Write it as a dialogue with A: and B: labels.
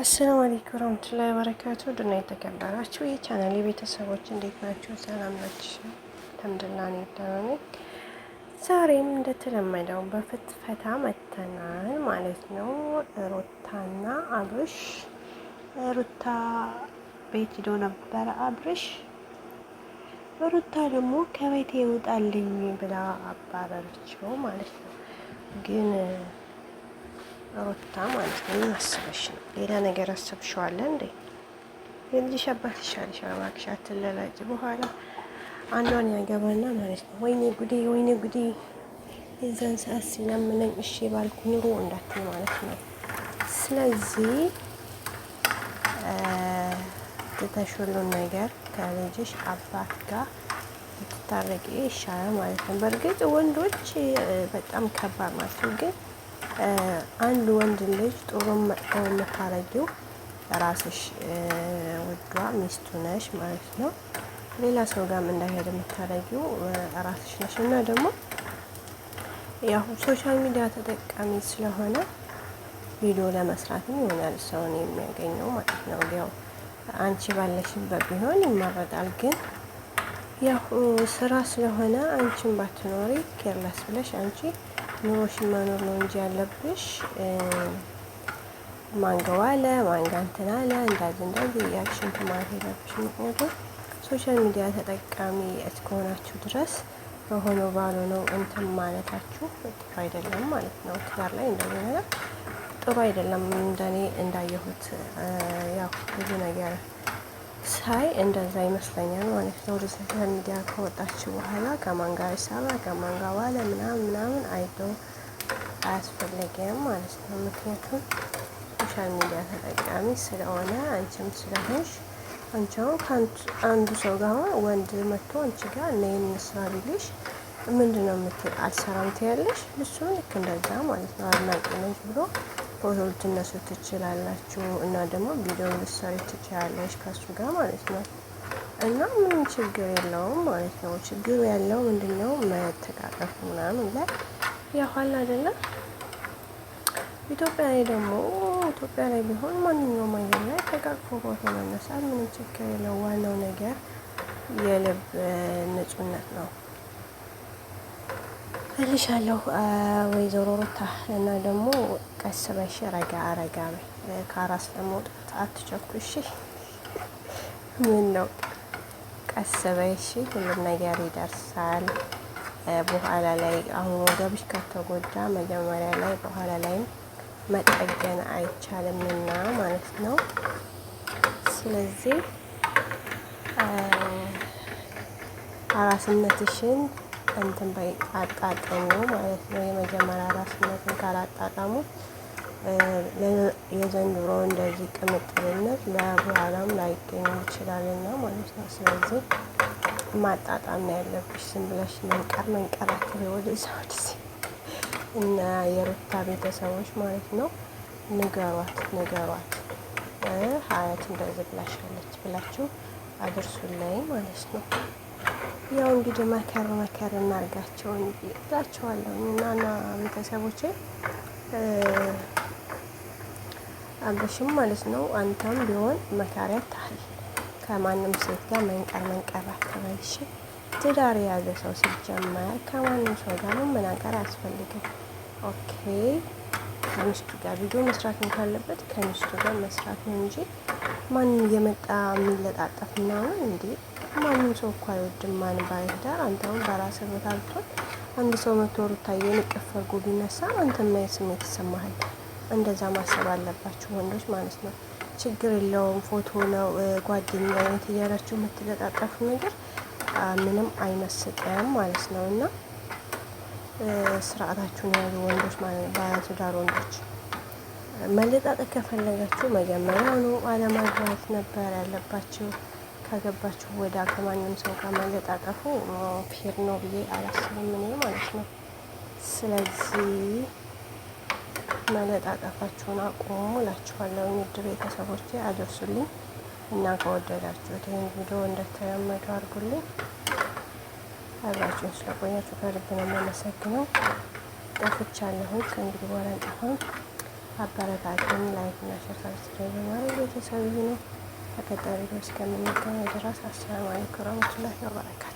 A: አሰላሙ አለይኩም ወራህመቱላሂ ወበረካቱ ድና የተከበራችሁ የቻናሌ ቤተሰቦች እንዴት ናችሁ? ሰላም ናችሁ? አልሐምዱሊላህ እኔ ደህና ዛሬም እንደተለመደው በፍትፈታ መተናል ማለት ነው። ሩታና አብርሽ ሩታ ቤት ሂዶ ነበረ አብርሽ ሩታ ደግሞ ከቤት ይውጣልኝ ብላ አባረረችው ማለት ነው ግን ሩታ ማለት ነው። ምን አስበሽ ነው? ሌላ ነገር አሰብሸዋለ እንዴ? የልጅሽ አባት ይሻልሻል እባክሽ፣ አትለላጭ። በኋላ አንዷን ያገባና ማለት ነው። ወይኔ ጉዴ፣ ወይኔ ጉዴ፣ የዛን ሰዓት ሲለምነኝ እሺ ባልኩ ኑሮ እንዳትይ ማለት ነው። ስለዚህ ትተሽ ነገር ከልጅሽ አባት ጋር ልትታረቂ ይሻላል ማለት ነው። በእርግጥ ወንዶች በጣም ከባድ ናቸው ግን አንድ ወንድ ልጅ ጥሩ የምታረጊው ራስሽ ወዷ ሚስቱ ነሽ ማለት ነው። ሌላ ሰው ጋርም እንዳይሄድ የምታረጊው ራስሽ ነሽ እና ደግሞ ያው ሶሻል ሚዲያ ተጠቃሚ ስለሆነ ቪዲዮ ለመስራትም ይሆናል ሰውን የሚያገኘው ማለት ነው። ያው አንቺ ባለሽበት ቢሆን ይመረጣል። ግን ያው ስራ ስለሆነ አንቺን ባትኖሪ ኬርለስ ብለሽ አንቺ ኑሮሽን መኖር ነው እንጂ ያለብሽ ማንገው አለ ማንጋ እንትን አለ እንዳዚህ እንዳዚህ ያክሽን እንትን ማለት የለብሽ። ምክንያቱም ሶሻል ሚዲያ ተጠቃሚ እስከሆናችሁ ድረስ በሆነው ነው እንትን ማለታችሁ ጥሩ አይደለም ማለት ነው። ትዳር ላይ እንደዚህ ነገር ጥሩ አይደለም። እንደኔ እንዳየሁት ያው ብዙ ነገር ሳይ እንደዛ ይመስለኛል ማለት ነው። ወደ ሶሻል ሚዲያ ከወጣችሁ በኋላ ከማን ጋር ይሰራ ከማን ጋር ዋለ ምናምን ምናምን አይቶ አያስፈልግም ማለት ነው። ምክንያቱም ሶሻል ሚዲያ ተጠቃሚ ስለሆነ አንቺም ስለሆንሽ አንቻውን አንዱ ሰው ጋር ወንድ መጥቶ አንቺ ጋር ነይን ስራ ቢልሽ ምንድነው የምትል? አልሰራም ትያለሽ። ልሱ ልክ እንደዛ ማለት ነው። አድናቂ ነች ብሎ ፎቶ ልትነሱ ትችላላችሁ እና ደግሞ ቪዲዮ ልትሰሪ ትችላለች ከሱ ጋር ማለት ነው። እና ምንም ችግር የለውም ማለት ነው። ችግሩ ያለው ምንድነው? መተቃቀፉ ምናምን ላይ ያኋላ አይደለም። ኢትዮጵያ ላይ ደግሞ ኢትዮጵያ ላይ ቢሆን ማንኛውም አየር ላይ ተቃቅፎ ፎቶ መነሳት ምንም ችግር የለው። ዋናው ነገር የልብ ንጹህነት ነው። እልሻለሁ ወይዘሮ ሩታ እና ደግሞ ቀስ በሽ ረጋ ረጋ በይ ከአራስ ለመውጣት አትቸኩሽ። ምን ነው ቀስ በሽ ሁሉም ነገር ይደርሳል። በኋላ ላይ አሁን ወገብሽ ከተጎዳ መጀመሪያ ላይ በኋላ ላይም መጠገን አይቻልም አይቻልምና ማለት ነው። ስለዚህ አራስነትሽን እንትን ባይጣጣሙ ማለት ነው። የመጀመሪያ ራስነትን ካላጣጣሙ የዘንድሮ እንደዚህ ቅምጥልነት ለበኋላም ላይገኙ ይችላልና ማለት ነው። ስለዚህ ማጣጣም ነው ያለብሽ። ዝም ብለሽ መንቀር መንቀራት ወደ ሰዎች እና የሩታ ቤተሰቦች ማለት ነው ንገሯት ንገሯት ሀያት እንደዚህ ብላሻለች ብላችሁ አድርሱን ላይ ማለት ነው። ያው እንግዲህ መከር መከር እናርጋቸው እላቸዋለሁ እና ቤተሰቦቼ አብረሽም ማለት ነው። አንተም ቢሆን መካሪያ ታህል ከማንም ሴት ጋር መንቀር መንቀር አትበልሽ። ትዳር የያዘ ሰው ሲጀመር ከማንም ሰው ጋር መመናቀር አያስፈልግም። ኦኬ ከሚስቱ ጋር ቪዲዮ መስራት ካለበት ከሚስቱ ጋር መስራት ነው እንጂ ማንም እየመጣ የሚለጣጠፍ ምናምን እንዴ ማንም ሰው እኮ አይወድም ማንም ባለትዳር። አንተም በራስህ ቦታ ብትሆን አንድ ሰው መቶ ሩታዬ ንቅፍ አድርጎ ቢነሳ አንተ ማየት ስሜት ይሰማሃል። እንደዛ ማሰብ አለባችሁ ወንዶች ማለት ነው። ችግር የለውም ፎቶ ነው ጓደኛ ነት እያላችሁ የምትለጣጠፉ ነገር ምንም አይመስጠም ማለት ነው። እና ስርዓታችሁን ያሉ ወንዶች ባለትዳር ወንዶች መለጣጠቅ ከፈለጋችሁ መጀመሪያ ነው አለማግባት ነበር ያለባችሁ። ከገባችሁ ወደ ከማንም ሰው ጋር መለጣጠፉ ፌር ነው ብዬ አላስብም እኔ ማለት ነው። ስለዚህ መለጣጠፋችሁን አቁሙ እላችኋለሁ። ውድ ቤተሰቦቼ አደርሱልኝ እና ከወደዳችሁት ይህን ቪዲዮ እንደተለመደው አድርጉልኝ። አብራችሁን ስለቆያችሁ ከልብ ነው የማመሰግነው። ጠፍቻለሁ፣ ከእንግዲህ በኋላ አልጠፋም። አበረታቱኝ። ላይክ እና ሸር ሰብስክራይብ ማድረግ ቤተሰብ ነው። በቀጣይ ቪዲዮ እስከምንገናኝ ድረስ አሰላሙ አለይኩም ወረህመቱላሂ ወበረካቱ።